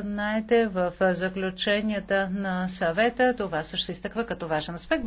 знаете, в заключенията на съвета това също изтъква като важен аспект.